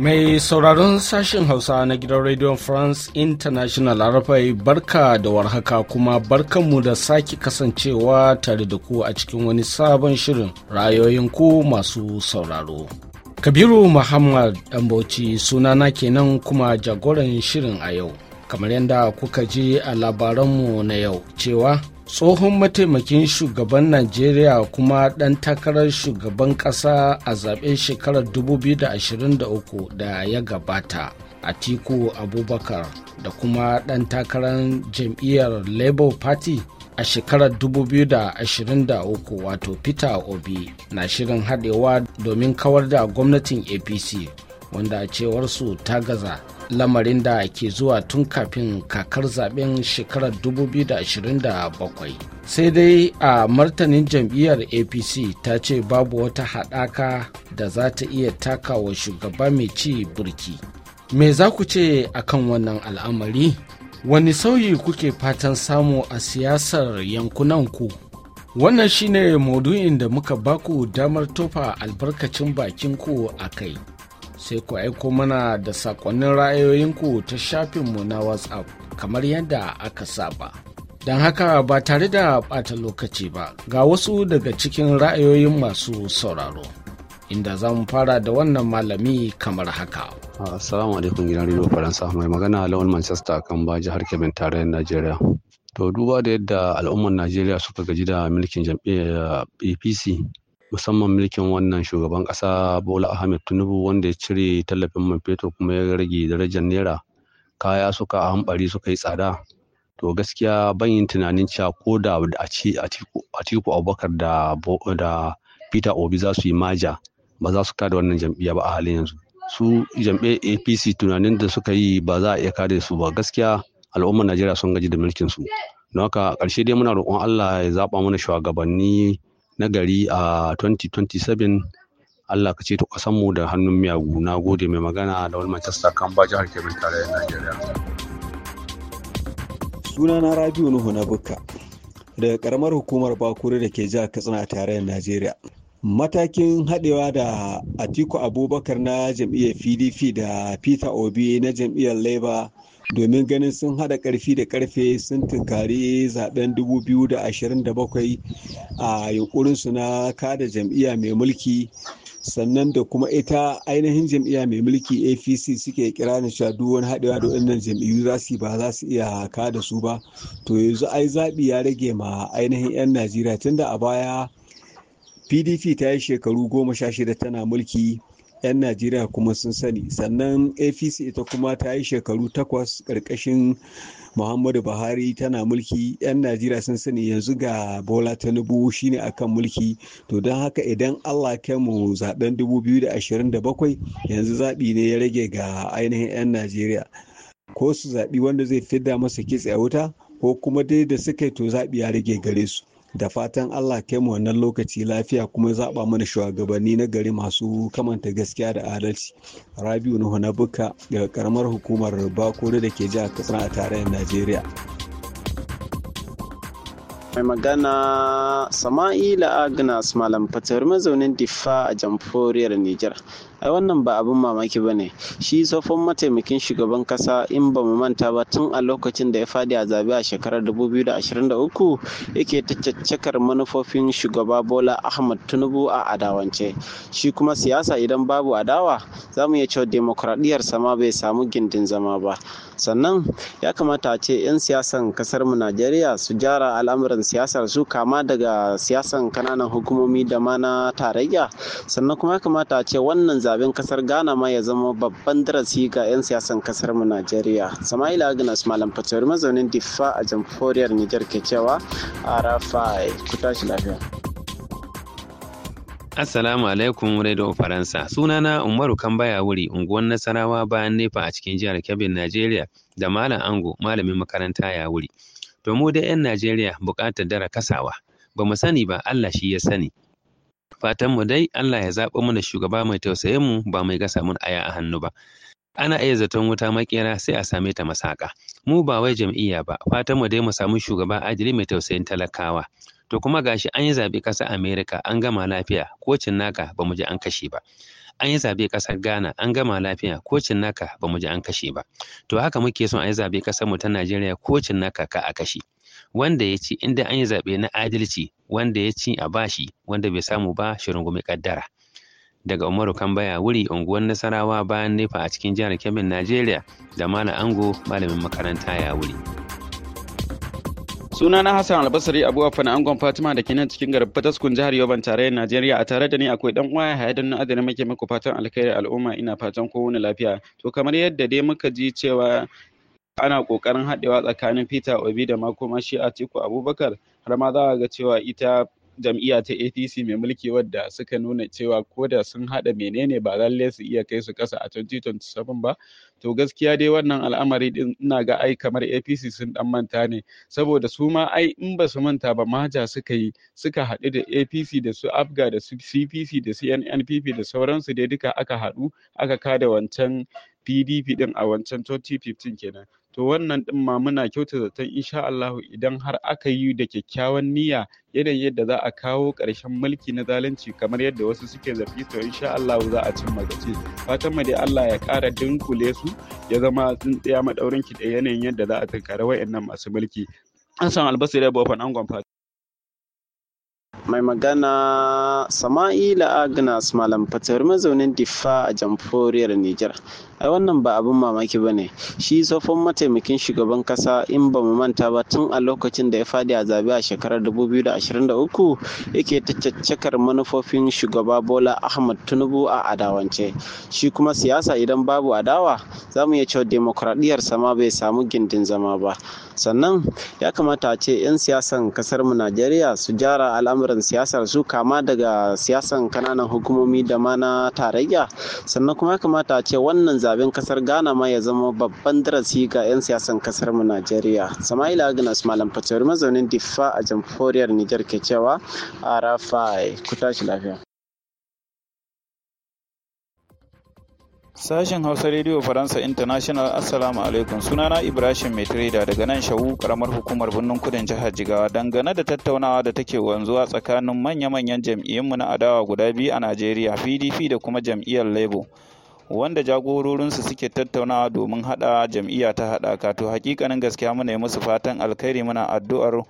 Mai sauraron sashen Hausa na gidan Radio France International Arafai barka da warhaka kuma barkanmu da sake kasancewa tare da ku a cikin wani sabon shirin rayoyin ku masu sauraro. Kabiru Muhammad Dambauci sunana kenan kuma jagoran shirin a yau. Kamar yadda kuka ji a labaranmu na yau cewa tsohon mataimakin shugaban najeriya kuma ɗan takarar shugaban ƙasa a zaben shekarar 2023 da ya gabata a atiku abubakar da kuma ɗan takarar jam'iyyar labour party a shekarar 2023 wato peter obi na shirin haɗewa domin kawar da gwamnatin apc wanda a cewar su ta gaza lamarin da ke zuwa tun kafin kakar zaben shekarar 2027 sai dai a martanin jam'iyyar apc ta ce babu wata haɗaka da za ta iya takawa shugaba mai ci burki me za ku ce akan wannan al'amari wani sauyi kuke fatan samu a siyasar yankunanku wannan shine maudu'in da muka baku damar tofa albarkacin bakinku a kai sai ku aiko mana da sakonnin ra'ayoyinku ta shafinmu na whatsapp kamar yadda aka saba don haka ba tare da ɓata lokaci ba ga wasu daga cikin ra'ayoyin masu sauraro inda za mu fara da wannan malami kamar haka. Ah, assalamu alaikum gidan rino Faransa mai magana lawan Manchester kan ba jihar kebin tarayyar Najeriya. To duba da yadda al'ummar Najeriya suka gaji da mulkin jam'iyyar eh, APC musamman mulkin wannan shugaban ƙasa bola ahmed tinubu wanda ya cire tallafin man fetur kuma ya rage darajar naira kaya suka hambari suka yi tsada to gaskiya ban yin tunanin cewa ko da a ce atiku abubakar da da peter obi za su yi maja ba za su kada wannan jam'iyya ba a halin yanzu su jam'iyyar apc tunanin da suka yi ba za a iya kada su ba gaskiya al'ummar najeriya sun gaji da mulkin su don haka ƙarshe dai muna roƙon allah ya zaɓa mana shugabanni na gari a 2027 Allah ka ceto mu da hannun miyagu na gode mai magana da wani Manchester Kamba jihar Kebbi tarayyar Najeriya. Sunana Rabiu Nuhu na Bukka daga karamar hukumar Bakure da ke jihar Katsina a tarayyar Najeriya. matakin haɗewa da atiku abubakar na jam'iyyar pdp da peter obi na jam'iyyar labour domin ganin sun haɗa ƙarfi da ƙarfe sun tunkari zaben 2027 a yunkurinsu na kada jam'iyya mai mulki sannan da kuma ita ainihin jam'iyya mai mulki apc suke kira na cewa wani haɗewa da wannan jam'iyyu za su ba za su iya kada su ba to yanzu ai zaɓi ya rage ma ainihin 'yan najeriya tunda a baya pdp ta yi shekaru goma sha shida tana mulki 'yan najeriya kuma sun sani sannan apc ita kuma ta yi shekaru takwas karkashin muhammadu buhari tana mulki 'yan najeriya sun sani yanzu ga bola tinubu shine akan mulki to don haka idan allah kai mu zaben 2027 yanzu zaɓi ne ya rage ga ainihin 'yan najeriya ko su zaɓi wanda zai fidda masa kitse a wuta ko kuma dai da suka yi to zaɓi ya rage gare su da fatan Allah kai mu wannan lokaci lafiya kuma zaɓa mana shugabanni na gari masu kamanta gaskiya da adalci rabiu nuhu na buka daga karamar hukumar bakore da ke jihar katsina a tarayyar najeriya mai magana sama'ila agnes malam fatar mazaunin difa a jamhuriyar niger ai wannan ba abin mamaki ba ne shi tsofaffin mataimakin shugaban kasa in ba mu manta ba tun a lokacin da ya fadi a zabe a shekarar 2023 yake ta caccakar manufofin shugaba bola ahmad tinubu a adawance shi kuma siyasa idan babu adawa za mu iya cewa demokradiyyar sama bai samu gindin zama ba sannan ya kamata a ce 'yan siyasan kasar mu najeriya su jara al'amuran siyasar su kama daga siyasan kananan hukumomi da ma na tarayya sannan kuma ya kamata a ce wannan zaben kasar ghana ma ya zama babban darasi ga 'yan siyasan kasar mu najeriya sama'ila agnes malam fatori mazaunin diffa a jamhuriyar niger ke cewa a rafa ku tashi lafiya Assalamu alaikum Radio Faransa. Sunana Umaru Kambaya Wuri, unguwar Nasarawa bayan Nefa a cikin jihar kebbin Najeriya, da Malam Ango, malamin makaranta ya wuri. To mu da 'yan Najeriya buƙatar dara kasawa, ba mu sani ba Allah shi ya sani. Fatan mu dai Allah ya mu mana shugaba mai tausayin mu ba mai gasa mun aya a hannu ba. Ana iya zaton wuta makera sai a same ta masaka. Mu ba wai jam'iyya ba, fatan mu dai mu samu shugaba ajiri mai tausayin talakawa. To kuma gashi an yi zaɓe ƙasar Amerika an gama lafiya ko naka, ba mu ji an kashe ba. an yi zabe kasar Ghana an gama lafiya ko naka, ba mu ji an kashe ba. To haka muke son a yi zabe kasar mu ta Najeriya ko naka, ka a kashe. Wanda ya ci inda an yi zabe na adalci wanda ya ci a bashi wanda bai samu ba shi rungumi kaddara daga umaru kambaya wuri unguwar nasarawa bayan nefa a cikin jihar kebbin najeriya da malam ango malamin makaranta ya wuri suna na hassan albasari abu fana angon fatima da kenan cikin garin fataskun jihar yoban tarayyar najeriya a tare da ni akwai dan uwa haya don adana muke muku fatan alkhairi al'umma ina fatan kowane lafiya to kamar yadda dai muka ji cewa ana kokarin haɗewa tsakanin peter obi da makoma shi atiku abubakar har ma za ga cewa ita jam'iyya ta APC mai mulki wadda suka nuna cewa ko da sun haɗa menene ba lalle su iya kai su ƙasa a 2027 ba to gaskiya dai wannan al'amari din ina ga ai kamar APC sun dan manta ne saboda su ma ai in ba su manta ba maja suka yi suka haɗu da APC da su AFGA da su CPC da su NNPP da sauransu dai duka aka haɗu aka kada wancan PDP din a wancan 2015 kenan to wannan din ma muna kyauta zaton insha Allah idan har aka yi da kyakkyawan niyya yanayin yadda za a kawo ƙarshen mulki na zalunci kamar yadda wasu suke zargi to insha Allah za a cimma gaci fatan mu dai Allah ya ƙara dinkule su ya zama tsintsiya madaurin ki da yanayin yadda za a tunkari wayannan masu mulki an san da bofan angon mai magana sama'ila agnes malam fatar mazaunin diffa a jamhuriyar niger ai wannan ba abin mamaki ba ne shi tsofon mataimakin shugaban kasa in ba mu manta ba tun a lokacin da ya fadi a zabe a shekarar 2023 yake ta caccakar manufofin shugaba bola ahmad tinubu a adawance shi kuma siyasa idan babu adawa za mu iya cewa sama bai samu gindin zama ba sannan ya kamata a ce 'yan siyasan kasar mu najeriya su jara al'amuran siyasar su kama daga siyasan kananan hukumomi da ma na tarayya sannan kuma ya kamata a ce wannan zaben kasar ghana ma ya zama babban darasi ga 'yan siyasan kasar mu najeriya sama'ila agnes malam fatori mazaunin diffa a jamhuriyar niger ke cewa arafai ku tashi lafiya Sashen Hausa Rediyo Faransa International Assalamu alaikum sunana Ibrahim Metreda daga nan shawu karamar hukumar birnin kudin jihar Jigawa dangane da tattaunawa da take wanzuwa tsakanin manya-manyan jam'iyyunmu na adawa guda biyu a Najeriya PDP da kuma jam'iyyar Labour wanda jagororinsu suke tattaunawa domin hada jam'iyya ta haɗaka to hakikanin gaskiya muna yi musu fatan alkhairi muna addu'ar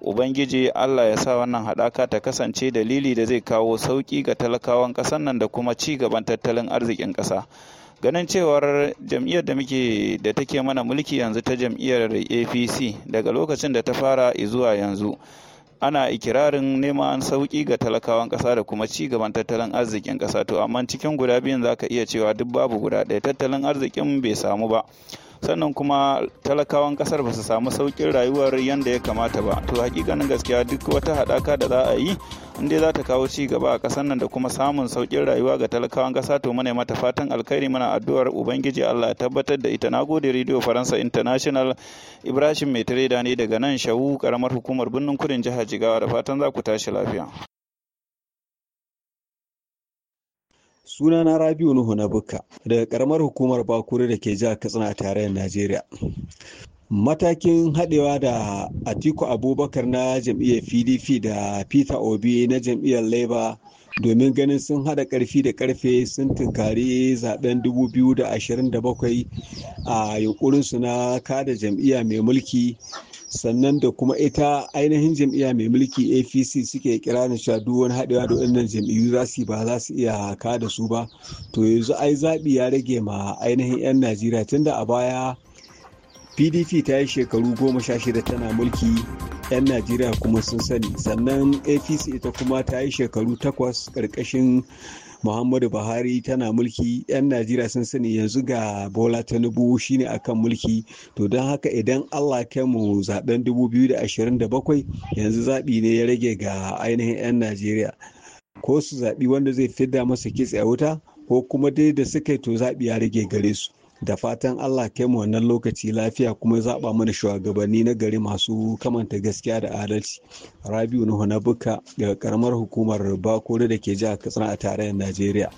Ubangiji Allah ya sa wannan haɗaka ta kasance dalili da zai kawo sauƙi ga talakawan ƙasar nan da kuma ci gaban tattalin arzikin kasa. Ganin cewar jam'iyyar da muke da take mana mulki yanzu ta jam'iyyar APC daga lokacin da ta fara zuwa yanzu. ana ikirarin neman sauƙi ga talakawan ƙasa da kuma ci gaban tattalin arzikin kasa. to amma cikin guda biyun za ka iya cewa duk babu guda ɗaya tattalin arzikin bai samu ba sannan kuma talakawan kasar ba su samu saukin rayuwar yadda ya kamata ba to hakikanin gaskiya duk wata haɗaka da za a yi inda za ta kawo ci gaba a kasar nan da kuma samun saukin rayuwa ga talakawan kasa to muna mata fatan alkhairi muna addu'ar ubangiji Allah ya tabbatar da ita nagode radio faransa international ibrahim mai ne daga nan shawu karamar hukumar birnin kudin jihar jigawa da fatan za ku tashi lafiya Suna na rabiu nuhu na bukka daga karamar hukumar bakure da ke jihar katsina a tarayyar najeriya matakin haɗewa da atiku abubakar na jam'iyyar pdp da peter obi na jam'iyyar labour domin ganin sun haɗa karfi da karfe sun tunkari zaben 2027 a yunkurinsu na kada jam'iyya mai mulki sannan da kuma ita ainihin jam'iyya mai mulki apc suke kira cewa duk wani haɗewa da wannan jam'iyyu za su ba za su iya haka da su ba to yanzu ai zaɓi ya rage ma ainihin 'yan najeriya tunda a baya pdp ta yi shekaru goma sha shida tana mulki 'yan najeriya kuma sun sani sannan apc ita kuma ta yi shekaru takwas ƙarƙashin muhammadu buhari tana mulki yan najeriya sun sani yanzu ga bola tinubu shine akan mulki to don haka idan allah kai mu zaben 2027 yanzu zaɓi ne ya rage ga ainihin yan najeriya ko su zaɓi wanda zai fidda masa kitse a wuta ko kuma dai da suka yi to zaɓi ya rage gare su da fatan Allah kai mu wannan lokaci lafiya kuma zaɓa mana shugabanni na gari masu kamanta gaskiya da adalci Rabiu Nuhu na Buka daga karamar hukumar Bakore da ke jihar Katsina a tarayyar Najeriya.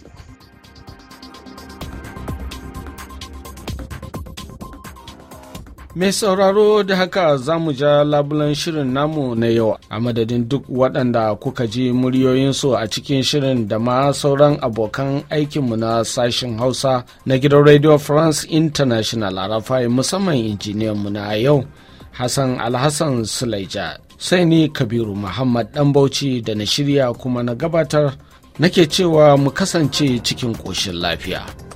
Mai sauraro da haka za mu ja labulan shirin namu na yau a madadin duk waɗanda kuka ji muryoyinsu a cikin shirin da ma sauran abokan aikinmu na sashen Hausa na gidan Radio France International a rafai musamman injiniyanmu na yau Hassan Alhassan Sulaija. Sai ni Kabiru Muhammad ɗan Bauchi da na shirya kuma na gabatar nake cewa mu kasance cikin ƙoshin lafiya.